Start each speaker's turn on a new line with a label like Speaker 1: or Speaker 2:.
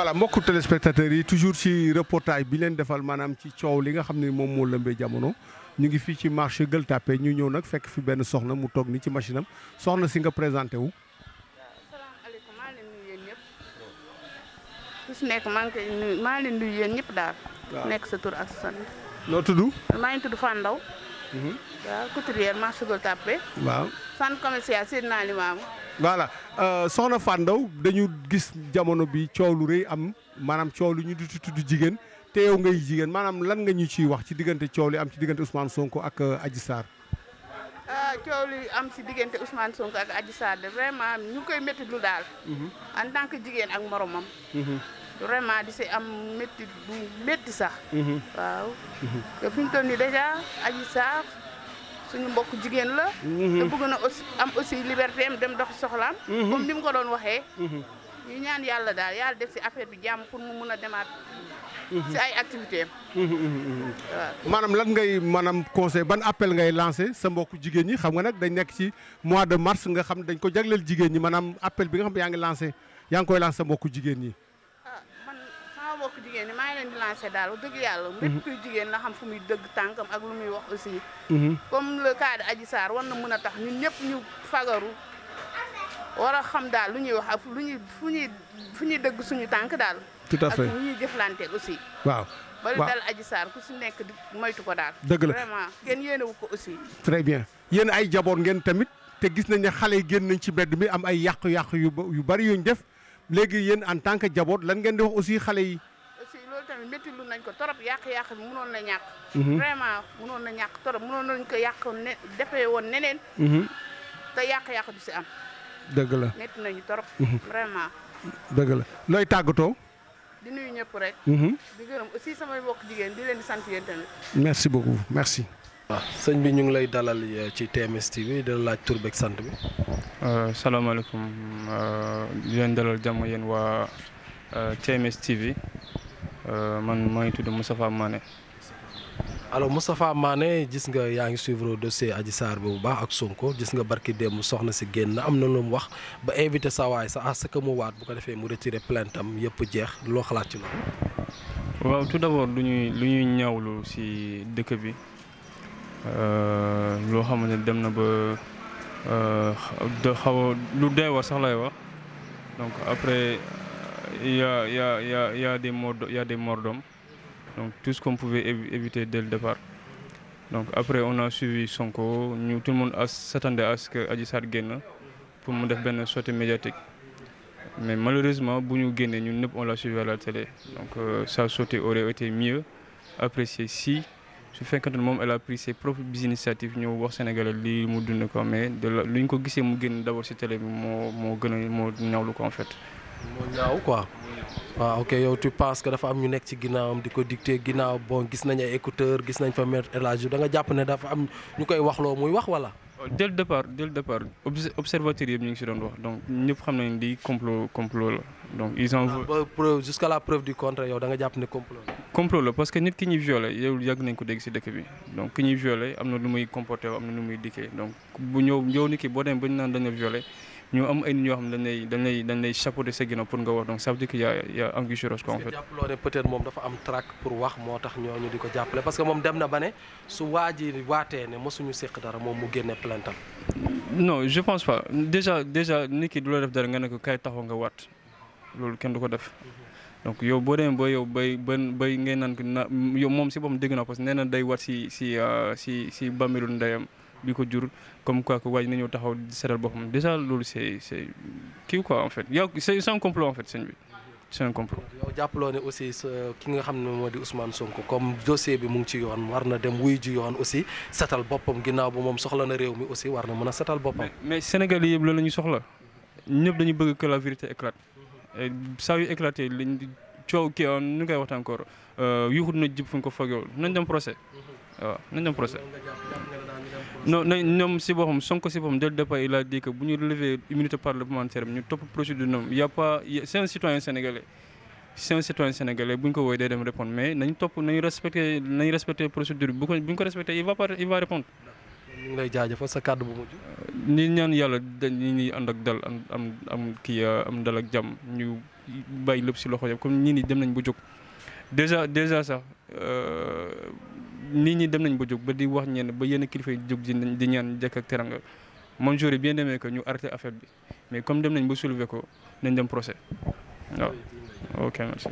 Speaker 1: voilà mbokku téléspectateurs yi toujours ci reportage bi leen defal maanaam ci coow li nga xam ne moom moo lëmbee jamono ñu ngi fii ci marché Gueule Tapée ñu ñëw nag fekk fi benn soxna mu toog ni ci machine am soxna si nga présenté wu.
Speaker 2: asalaamaaleykum maa leen nuyu yéen ñëpp maa ngi leen nuyu yéen ñëpp daal. nekk sa tur ak sa sant. noo tudd. maa ngi tudd Fandaw Mhm. waaw couturière marché Gueule Tapée. waaw centre commercial Seydina Limamou.
Speaker 1: voilà euh, soxna Fatou dañu gis jamono bi coow lu rëy am maanaam coow lu ñu di tudd jigéen te yow ngay jigéen maanaam lan nga ñu ciy wax ci diggante coow li am ci diggante Ousmane Sonko ak euh, Adji Sarr.
Speaker 2: Ah, coow li am si diggante Ousmane sonk ak Adji de vraiment ñu koy métti lu daal. Mhm. en tant que jigéen ak moromam. Mhm. vraiment di si am métti bu métti sax. Mhm. waaw. Mhm. te fi mu toll nii dèjà Adji Sarr suñu mbokk jigéen la. Mhm. te bëgg na aussi am aussi liberté am dem dox soxlaam. comme ni mu ko doon waxee. ñu ñaan yàlla daal yàlla def si affaire bi jàmm pour mu mun a demaat. si ay activité
Speaker 1: am. maanaam lan ngay maanaam conseil ban appel ngay lancé sa mbokk jigéen ñi xam nga nag dañ nekk ci mois de mars nga xam dañ ko jagleel jigéen ñi maanaam appel bi nga xam yaa ngi lancé yaa ngi koy lancé sa jigéen ñi.
Speaker 2: sama mbokk jigéen ñi maa ngi leen di lancé daal wax dëgg yàlla mbépp mhm. kuy jigéen na xam fu muy dëgg tànkam ak lu muy wax aussi mhm. comme le cas de Adji war na mën a tax ñu ñëpp ñu fagaru war a xam daal lu ñuy wax ak lu ñuy fu ñuy fu ñuy dëgg suñu tànk daal tout à fait ak ñuy aussi
Speaker 1: waaw bari dal
Speaker 2: Adji Sarr ku si nekk di moytu ko daal dëgg la vraiment kenn yéenewu ko aussi
Speaker 1: très bien yéen ay jaboot ngeen tamit te gis nañ ne xale yi génn nañ ci mbedd mi am ay yàqu-yàqu yu yu bari yuñ def léegi yéen en tant que jaboot lan ngeen di wax aussi xale yi.
Speaker 2: aussi loolu tamit métti lu nañ ko torop yàq-yàq bi mënoon na ñàkk. Mhm. vraiment mënoon na ñàkk torop mënoon nañ ko yàq ne defee woon neneen. Mhm. te yàq-yàq du si am. dëgg la métti nañu torop. Mhm. vraiment.
Speaker 1: dëgg la looy tàggatoo.
Speaker 2: di nuyu ñëpp rek. di gërëm aussi samay mbokk jigéen di leen di sant yéen tamit.
Speaker 3: merci beaucoup merci.
Speaker 4: waaw ah, sëñ bi ñu ngi lay dalal eh, ci TMS TV di la laaj tur beeg sant bi.
Speaker 3: Euh, salaamaaleykum euh, di leen dalal jàmm yéen waa euh, TMS TV man maa ngi tudd Moustapha Mané.
Speaker 4: alors Moustapha maane gis nga yaa ngi suivre dossier Adji Sarr bi bu baax ak Sonko gis nga barki démb soxna si génn am na lu mu wax ba invité sa waay sa à ce que mu waat bu ko defee mu retiré plainte am yëpp jeex loo xalaat ci loolu.
Speaker 3: waaw tout d'abord lu ñuy lu ñuy si dëkk bi loo ne dem na ba. de euh, xaw lu deewa sax lay wax donc après ya ya ya il y a des morts il des morts d'hommes donc tout ce qu'on pouvait éviter dès le départ donc après on a suivi Sonko ñu tout le monde s'attendait à ce que Adji Sarr génn pour mu def benn sortie médiatique mais malheureusement bu ñu génnee ñun ñëpp on l'a suivi à la télé donc euh, sa sortie aurait été mieux appréciée si su fekkante ne moom elle a pris ses propres initiatives ñëw wax Sénégalais lii mu dund ko mais lu ñu ko gisee mu génn d'abord ci télé bi moo moo gën a moo ñaawlu ko en fait. moo ñaaw quoi. waaw ok yow tu penses que dafa am ñu nekk ci ginnaawam di ko dicté ginnaaw
Speaker 4: bon gis nañ ay écouteur gis nañ fa maître El Hadj da nga jàpp ne dafa am ñu koy waxloo muy wax wala.
Speaker 3: dès le départ dès le départ observateur yëpp ñu ngi si doon wax donc ñëpp xam nañ di complot complot la donc ils en ah, veulent jusqu'à la preuve du contraire yow da nga jàpp ne complot la parce que nit ki ñuy violé yow yàgg nañ ko dégg si dëkk bi donc ki ñuy violé am na lu muy comporté am na lu muy dikkee donc bu ñëw ñëw nit ki boo demee ba ñu naan dañu violé ñu am ay nit ñoo xam ne dañ lay dañ lay dañ lay chapeauter sa ginnaaw pour nga wax donc ça veut dire que a a anguille sous roche. en fait jàppaloo
Speaker 4: ne peut moom dafa am trac pour wax moo tax ñooñu di ko jàppale parce que moom dem na ba ne su waa ji waatee ne mosuñu séq dara moom mu génne plaintam.
Speaker 3: no je pense pas déjà déjà nit ki du la def dara nga ne ko kay taxaw nga wat loolu kenn du ko def. donc yow boo demee ba yow bay ban bay ngay naan na yow moom si boppam dégg naa parce nee na day waat si si euh, si si bàmmeelu ndeyam. bi ko jur comme quoi que waaj nañoo taxaw di seetal boppam déjà loolu c'est c'est kii quoi en fait yow c'est un complot en un complot.
Speaker 4: jàppaloo ne aussi ki nga xam ne moo di Ousmane Sonko comme dossier bi mu ngi ci yoon war na dem wuy ji yoon aussi setal boppam ginnaaw ba moom soxla na réew mi aussi war na mën a setal boppam.
Speaker 3: mais Sénégal yëpp loolu la ñu soxla ñëpp dañu bëgg que la vérité éclate saa yu éclaté coow kii nu koy waxtaan encore euh, yuuxut na jib fu ñu ko fogeewul nañ dem procès mhm. waaw nañ dem procès non na ñoom si boppam Sonko si boppam dès le départ il a bu ñu relever immunité parlementaire bi ñu topp procédure ñoom y' a pas c' est un citoyen sénégalais bu ñu ko woowee day dem répondre mais nañ topp nañ respecté procédure bu ñu ko respecté il va pas il va ñaan yàlla dañuy ànd ak am am am kii am dal ak jàmm bàyyi lépp si loxo yëpp comme nit ñi dem nañ ba jóg. dèjà dèjà sax euh, nit ñi dem nañ ba jóg ba di wax ñenn ba yenn kilifa yi jóg di ñaan jekk ak teranga man j'aurais bien aimé que ñu arrêté affaire bi mais comme dem nañ ba soulever ko nañ dem procès waaw ok merci.